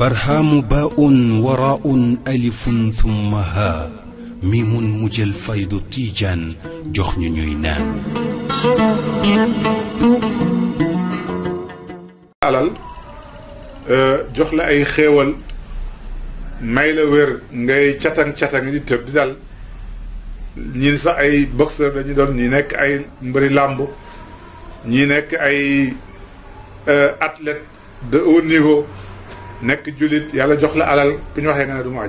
برهام باء وراء ألف ثم ها ميم مجل فيض تيجان جخن نينان alal jox la ay xéewal may la wér ngay catang catang di tëb di dal ñii sax ay boxeur dañu doon ñi nekk ay mbëri làmb ñi nekk ay euh, athlète de haut niveau nekk jullit yàlla jox la alal bu ñu waxee nga ne du ma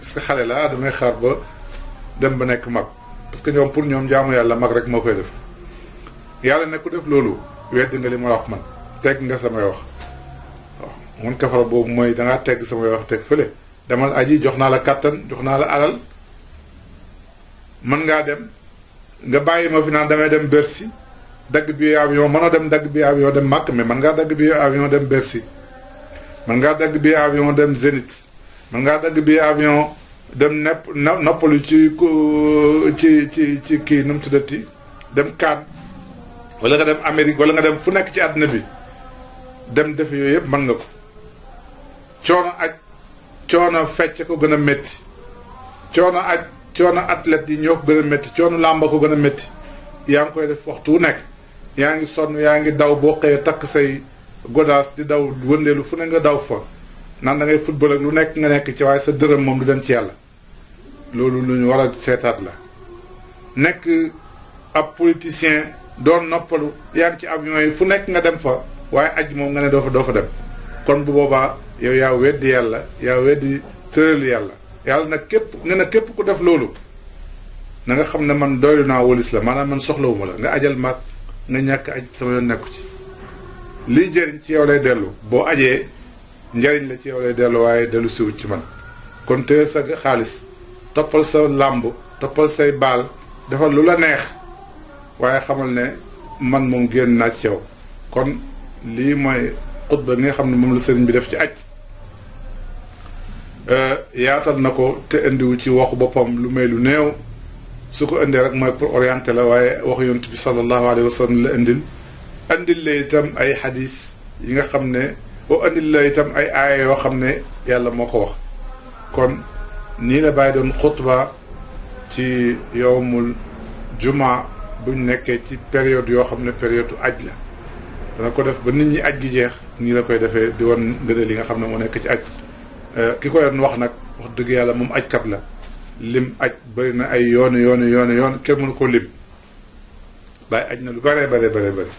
parce que xale la damay xaar ba dem ba nekk mag parce que ñoom pour ñoom jaamu yàlla mag rek moo koy def yàlla ne ku def loolu wedd nga li ma wax man teg nga samay wax waaw mun kafara boobu mooy dangaa tegg samay wax teg fële demal aji jox naa la kàttan jox naa la alal mën ngaa dem nga bàyyi ma fi naan damay dem Bercy dagg bi avion mën a dem dagg bi avion dem Màkk mi mën ngaa dagg bi avion dem Bercy mën ngaa dagg bi avion dem Zénith mën ngaa dagg bi avion dem nepp noppalu ci ci ci ci kii nu mu tuddati dem Cannes walla nga dem Amérique wala nga dem fu nekk ci àddina bi dem def yooyu yëpp mën nga ko coono ak coono fecc ko gën a métti coono ak coono athlète yi ñoo ko gën a métti coono làmba ko gën a métti yaa ngi koy def waxtu nekk yaa ngi sonn yaa ngi daw boo xëyee takk say godaas di daw wëndeelu fu ne nga daw fa nan da ngay football ak lu nekk nga nekk ci waaye sa dërëm moom du dem ci yàlla loolu lu ñu war a seetaat la nekk ab politicien doon noppalu yaa ngi ci avion yi fu nekk nga dem fa waaye aj moom nga ne doo fa doo fa dem kon bu boobaa yow yaa weddi yàlla yaa weddi tëral yàlla yàlla nag képp ne na képp ku def loolu nanga xam ne man doylu naa walis la maanaam man soxlawuma la nga ajal maag nga ñàkk aj sama yoon nekku ci lii jëriñ ci yow lay dellu boo ajee njariñ la ci yow lay dellu waaye dellu siwut ci man kon téye sa xaalis toppal sa làmb toppal say baal defal lu la neex waaye xamal ne man moom génn naa ci yow kon lii mooy xutba bi xam ne moom la sëriñ bi def ci aj yaatal na ko te indiwu ci waxu boppam lu may lu néew su ko indee rek mooy pour orienter la waaye waxu yonent bi sallallahu alayhi wa sallam la indil indil la itam ay xadis yi nga xam ne oo indil la itam ay aaya yoo xam ne yàlla moo ko wax kon nii la bàyyi doon xutba ci yowmul juma buñ nekkee ci période yoo xam ne période aj la dana ko def ba nit ñi aj gi jeex nii la koy defee di wan ngëneel yi nga xam ne moo nekk ci aj Euh, ki ko yoon wax nag wax dëgg yàlla moom ajkat la lim aj bari na ay yoon yoon yoon yoon kenn mënu koo lim waaye aj na lu bëree bare bare bëri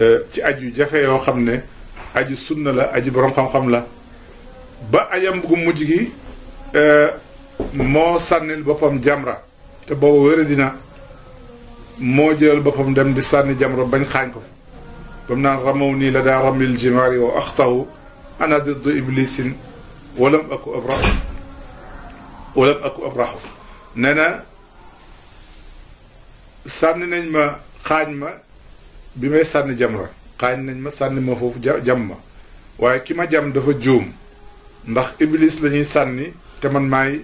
euh, ci aj yu jafe yoo xam ne aji sunna la aji boroom xam-xam la ba ajam bu mujj gi euh, moo sànnil boppam jamra te boobu wéra dina moo jëlal boppam dem di sànni jamra bañ xaañ ko ba mu naan ramaw nii la daa ramil jimaari wa axtahu ana diddu iblisin walam aku ab raxu walam aku ab raxu nee na sànni nañ ma xaañ ma bi may sànni jamra xaañ nañ ma sànni ma foofu jam ma waaye ki ma jam dafa juum ndax iblis lañuy sànni te man maay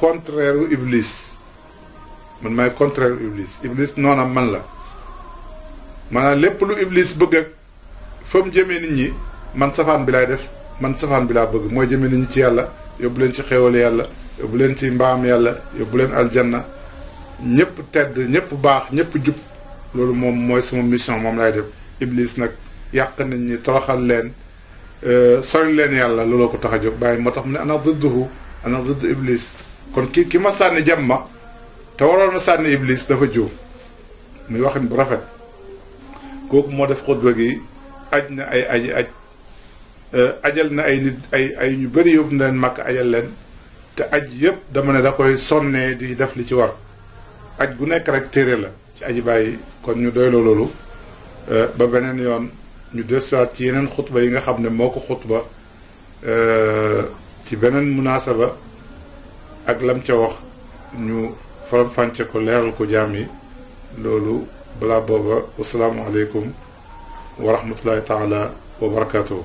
contraire iblis man maay contraire iblis iblis noonam man la maanaam lépp lu iblis bëgg ak fa mu jëmee nit ñi man safaan bi laay def man safaan bi laa bëgg mooy jëme ni ñu ci yàlla yóbbu leen ci xéwal yàlla yóbbu leen ci mbaam yàlla yóbbu leen aljanna ñëpp tedd ñëpp baax ñëpp jub loolu moom mooy sama mission moom laay def iblis nag yàq nit ñi toroxal leen euh, sori leen yàlla looloo ko tax a jóg bàyyi moo tax mu ne ana dudduhu ana dudd iblis kon ki ki ma sànni jam ma te waroon ma sànni iblis dafa juum muy waxin bu rafet kooku moo def xutba gi aj na ay aji aj Euh, ajal na ay nit ay ay ñu bëri yóbbu leen màkk ajal leen te aj yëpp dama ne da koy sonnee di def li ci war aj gu nekk rek téere la ci aji bàyyi kon ñu doyloo loolu euh, ba beneen yoon ñu dellusiwaat ci yeneen xutba yi nga xam ne moo ko xutba euh, ci beneen munaasaba ak lam ca wax ñu faram-fànce ko leeral ko jaam yi loolu balaa booba wasalaamualeykum wa rahmatullahi taala wa barakaatuhu